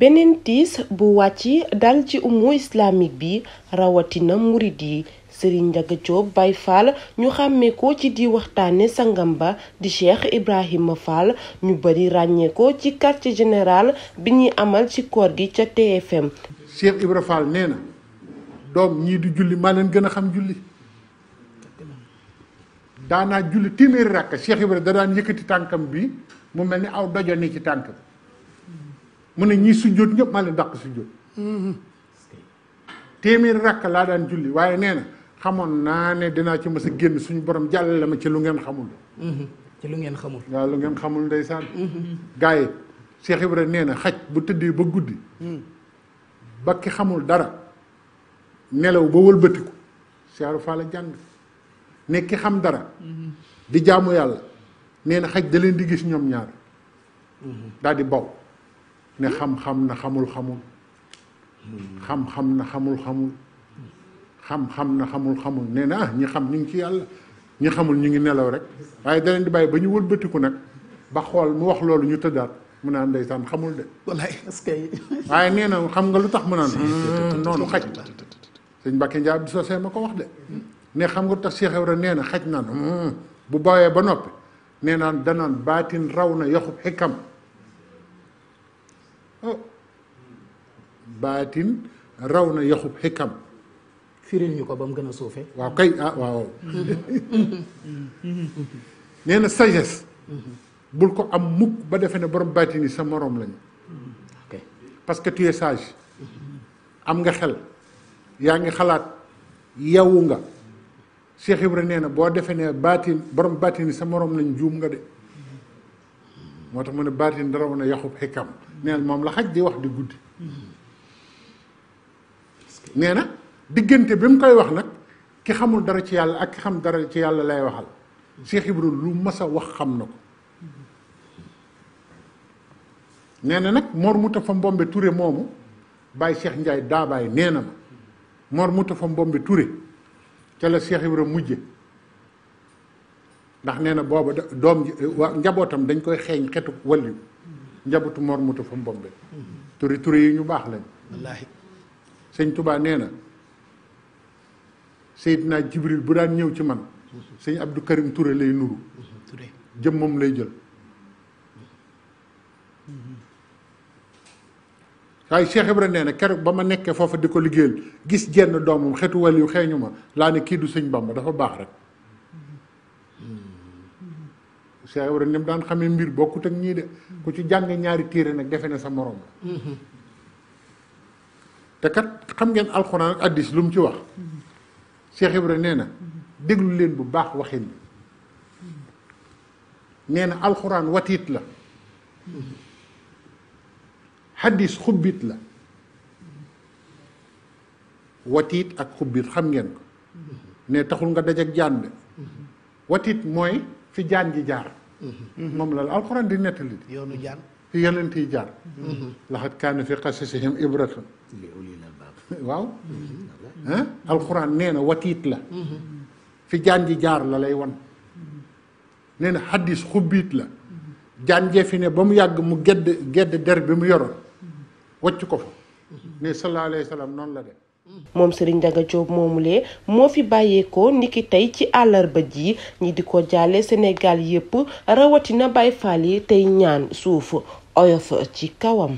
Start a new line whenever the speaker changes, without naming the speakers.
beneen tiis bu wàcc dal ci umu islamique bi rawatina murit yi Serigne Ndiaga Diop Baye Fall ñu xàmmee ci di waxtaane sangam ba di Cheikh Ibrahima Fall ñu bari ràññee ci quartier général bi ñuy amal ci koor gi ca TFM. Cheikh Ibra Fall nee doom ñii du julli maa leen gën xam julli daanaa julli téeméeri ràkk Cheikh Ibra da daan yëkkati tànkam bi mu mel ni aw dojo ni ci tànk mu ne ñii sujjóot ñëpp maa leen dàq sujjóot téeméeri rakk laa daan julli waaye nee na xamoon naa ne dinaa ci mës a génn suñu borom la ma ci lu ngeen xamul ci lu ngeen xamul waaw lu ngeen xamul ndeysaan gars yi Cheikh Ibrahima nee na xaj bu tëddee ba guddi ba ki xamul dara nelaw ba wëlbatiku Cheikh Fall la jàng ne xam dara di jaamu yàlla nee na xaj da di gis ñoom ñaar mm-hmm. daal di baw ne xam-xam na xamul xamul xam-xam na xamul xamul xam-xam na xamul xamul nee na ñi xam ñu ngi ci yàlla ñi xamul ñu ngi nelaw rek waaye da di bàyyi ba ñu wëlbatiku nag ba xool mu wax loolu ñu tëddaat mu naan ndeysaan xamul de. est-ce que. waaye nee na xam nga lu tax mu naan. noonu xaj. sëñ Mbacke Ndiaye Abdou Socé ma ko wax de. ne xam nga lu tax Cheikh nee na xaj naan bu bawee ba noppi nee naan danaan baatin raw na yaxub xikam. baatin raw na yaxub xikam firil ñu ko ba mu gën a suufee waaw kay ah waaw nee na sagesse bul ko am mukk ba defe ne borom baatin yi sa moroom lañ parce que tu sage am nga xel yaa ngi xalaat yawu nga Cheikh Ibra nee na boo defee ne baatin borom baatin yi sa moroom lañ juum nga de moo tax mu ne baatin raw na yaxub xikam neel moom la xaj di wax di guddi nee na diggante bi mu koy wax nag ki xamul dara ci yàlla ak ki xam dara ci yàlla lay waxal Cheikh lu masa wax xam na ko nee na nag Mor Moustapha Mbombe ture moomu Baye Cheikh Ndiaye daabaay nee na ma Mor Moustapha Mbombe Touré ca la Cheikh Ibra mujje ndax nee na booba doom njabootam dañ koy xeeñ xetu wàllu njabootu mormoto Mouta fa Mbombe turi turi yi ñu baax lañ wallaahi sëñ Touba nee na Seydina Jibril bu daan ñëw ci man sëñ abdu Karim Touré lay nuru jëm moom lay jël waaye Cheikh Ibra nee na keroog ba ma nekkee foofu di ko liggéeyal gis jenn doomam xetu wàll xeeñu ma laa ne kii du sëñ Bamba dafa baax rek Cheikh Ibrahima ni mu daan xamee mbir bokkut ak ñii de ku ci jàng ñaari téere nag defe na sa morom la te kat xam ngeen alxuraan ak addis lu mu ci wax Cheikh Ibrahima nee na déglu leen bu baax waxin bi nee na alxuraan watiit la xaddis xubbit la watiit ak xubbit xam ngeen ko ne taxul nga daj ak jaan bi watit mooy fi jaan ji jaar Mm-hmm. moom la alxuraan di nettali. yoonu jaar fi yeneen jaar. Mm-hmm. laxat kaana fi qasasihim ibratun waaw. Mm-hmm. alxuraan nee na watiit la. fi jaan jaar la lay wan. nee na xaddis xubbiit la. jaan fi ne ba mu yàgg mu gedd gedd der bi mu yoroon. wàcc ko fa. ne sallallahu alayhi wa sallam noonu la de. moom Serigne Daga Diop moomulee moo fi bàyyeekoo niki tey ci àllarba ji ñi di ko jaale Sénégal yépp rawatina Baye Fall tey ñaan suuf oyof ci kawam.